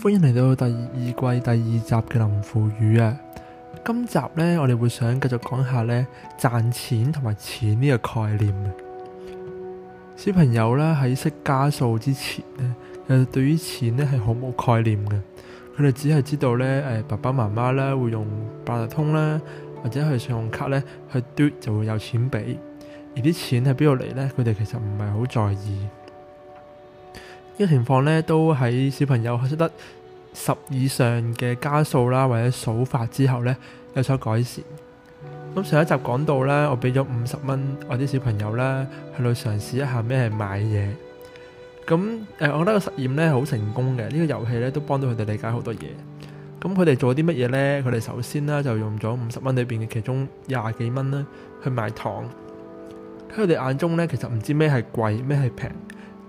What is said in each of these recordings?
歡迎嚟到第二季第二集嘅林父語啊！今集呢，我哋會想繼續講下呢賺錢同埋錢呢個概念。小朋友呢，喺識加數之前呢，其實對於錢呢係好冇概念嘅。佢哋只係知道呢，誒爸爸媽媽呢會用八達通啦，或者去信用卡呢去嘟就會有錢俾，而啲錢喺邊度嚟呢？佢哋其實唔係好在意。呢個情況咧，都喺小朋友識得十以上嘅加數啦，或者數法之後呢有所改善。咁上一集講到呢，我俾咗五十蚊我啲小朋友咧去到嘗試一下咩係買嘢。咁誒、呃，我覺得個實驗呢好成功嘅。呢個遊戲呢都幫到佢哋理解好多嘢。咁佢哋做啲乜嘢呢？佢哋首先呢就用咗五十蚊裏邊嘅其中廿幾蚊啦去買糖。喺佢哋眼中呢，其實唔知咩係貴，咩係平。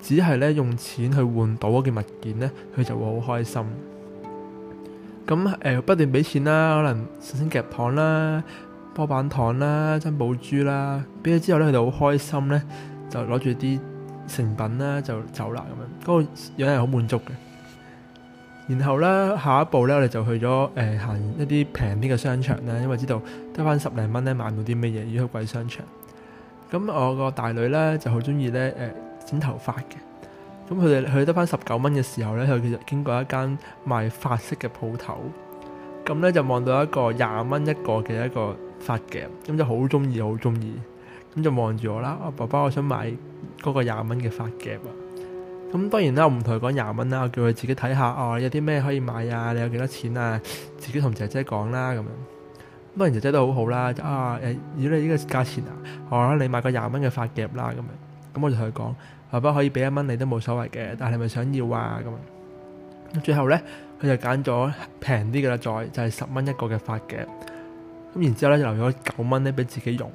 只係咧用錢去換到嗰件物件咧，佢就會好開心。咁誒、呃、不斷俾錢啦，可能首先夾糖啦、波板糖啦、珍寶珠啦，俾咗之後咧，佢就好開心咧，就攞住啲成品啦就走啦咁樣，嗰、嗰個樣係好滿足嘅。然後咧，下一步咧，我哋就去咗誒、呃、行一啲平啲嘅商場啦，因為知道得返十零蚊咧買到啲乜嘢。如果去貴商場，咁我個大女咧就好中意咧誒。呃剪頭髮嘅，咁佢哋去得翻十九蚊嘅時候呢，佢其實經過一間賣髮飾嘅鋪頭，咁呢，就望到一個廿蚊一個嘅一個髮夾，咁就好中意，好中意，咁就望住我啦，我爸爸，我想買嗰個廿蚊嘅髮夾啊，咁當然啦，我唔同佢講廿蚊啦，我叫佢自己睇下，哦，有啲咩可以買啊，你有幾多錢啊，自己同姐姐講啦，咁樣，當然姐姐都好好啦，啊，誒，以你呢個價錢啊，我、啊、啦你買個廿蚊嘅髮夾啦，咁樣。咁我就同佢講，爸爸可以俾一蚊你都冇所謂嘅，但係你咪想要啊？咁，最後呢，佢就揀咗平啲嘅啦，再就係十蚊一個嘅髮夾。咁然之後呢，就留咗九蚊呢俾自己用。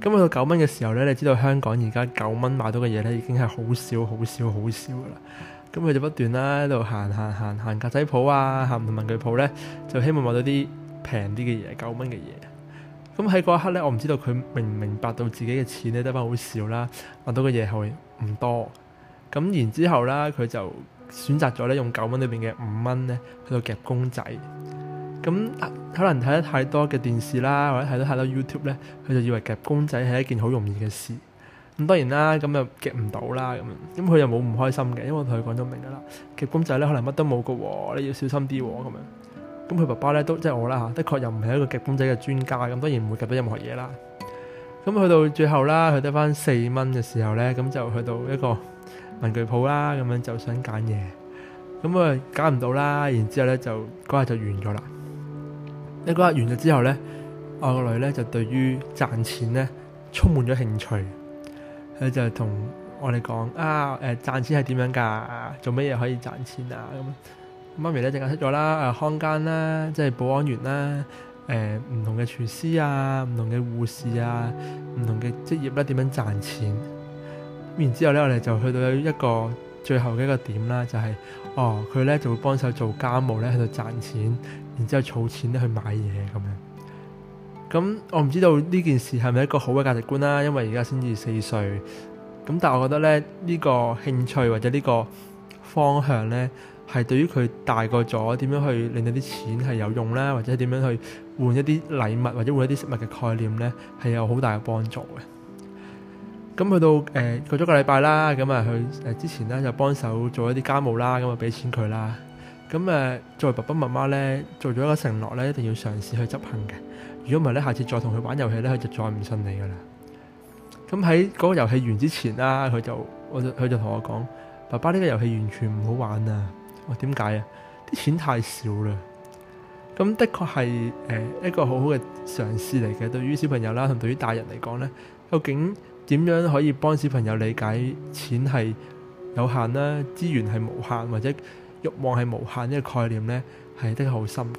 咁去到九蚊嘅時候呢，你知道香港而家九蚊買到嘅嘢呢，已經係好少、好少、好少啦。咁佢就不斷啦喺度行行行行格仔鋪啊，行文具鋪呢，就希望買到啲平啲嘅嘢，九蚊嘅嘢。咁喺嗰一刻呢，我唔知道佢明唔明白到自己嘅錢呢，得翻好少啦，揾到嘅嘢係唔多。咁然之後啦，佢就選擇咗呢，用九蚊裏邊嘅五蚊呢去到夾公仔。咁可能睇得太多嘅電視啦，或者睇得太多 YouTube 呢，佢就以為夾公仔係一件好容易嘅事。咁當然啦，咁又夾唔到啦咁。咁佢又冇唔開心嘅，因為我同佢講咗明㗎啦，夾公仔呢，可能乜都冇噶喎，你要小心啲喎咁樣。咁佢爸爸咧都即係我啦吓，的確又唔係一個夾公仔嘅專家，咁當然唔會夾到任何嘢啦。咁去到最後啦，佢得翻四蚊嘅時候咧，咁就去到一個文具鋪啦，咁樣就想揀嘢，咁啊揀唔到啦。然後呢之後咧就嗰日就完咗啦。一個日完咗之後咧，我個女咧就對於賺錢咧充滿咗興趣，佢就同我哋講啊，誒、呃、賺錢係點樣噶？做咩嘢可以賺錢啊？咁。媽咪咧就解釋咗啦，誒看更啦，即、呃、係保安員啦，誒、呃、唔同嘅廚師啊，唔同嘅護士啊，唔同嘅職業啦、啊，點樣賺錢？然之後咧，我哋就去到一個最後嘅一個點啦，就係、是、哦，佢咧就會幫手做家務咧，喺度賺錢，然之後儲錢咧去買嘢咁樣。咁、嗯、我唔知道呢件事係咪一個好嘅價值觀啦，因為而家先至四歲。咁但係我覺得咧，呢、這個興趣或者呢個方向咧。係對於佢大個咗，點樣去令到啲錢係有用啦，或者點樣去換一啲禮物或者換一啲食物嘅概念呢，係有好大嘅幫助嘅。咁去到誒、呃、過咗個禮拜啦，咁啊佢誒之前呢就幫手做一啲家務啦，咁啊俾錢佢啦。咁誒作為爸爸媽媽呢，做咗一個承諾呢，一定要嘗試去執行嘅。如果唔係呢，下次再同佢玩遊戲呢，佢就再唔信你噶啦。咁喺嗰個遊戲完之前啦，佢就，就我就佢就同我講：爸爸呢個遊戲完全唔好玩啊！我點解啊？啲錢太少啦。咁的確係誒一個好好嘅嘗試嚟嘅，對於小朋友啦，同對於大人嚟講呢，究竟點樣可以幫小朋友理解錢係有限啦，資源係無限，或者欲望係無限呢個概念呢？係的好深嘅。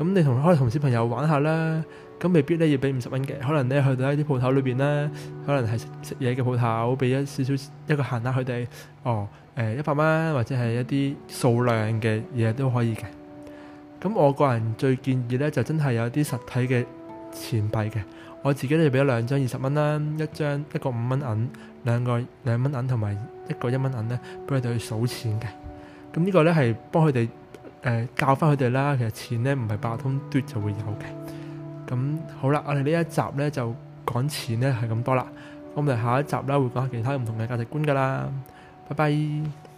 咁你同可能同小朋友玩下啦，咁未必咧要俾五十蚊嘅，可能咧去到一啲鋪頭裏邊啦，可能係食食嘢嘅鋪頭，俾一少少一個限額佢哋，哦，誒一百蚊或者係一啲數量嘅嘢都可以嘅。咁我個人最建議咧，就真係有啲實體嘅錢幣嘅，我自己咧就俾咗兩張二十蚊啦，一張一個五蚊銀，兩個兩蚊銀，同埋一個一蚊銀咧，俾佢哋去數錢嘅。咁呢個咧係幫佢哋。誒、呃、教翻佢哋啦，其實錢咧唔係八通嘟就會有嘅。咁好啦，我哋呢一集咧就講錢咧係咁多啦。咁我哋下一集啦會講下其他唔同嘅價值觀㗎啦。拜拜。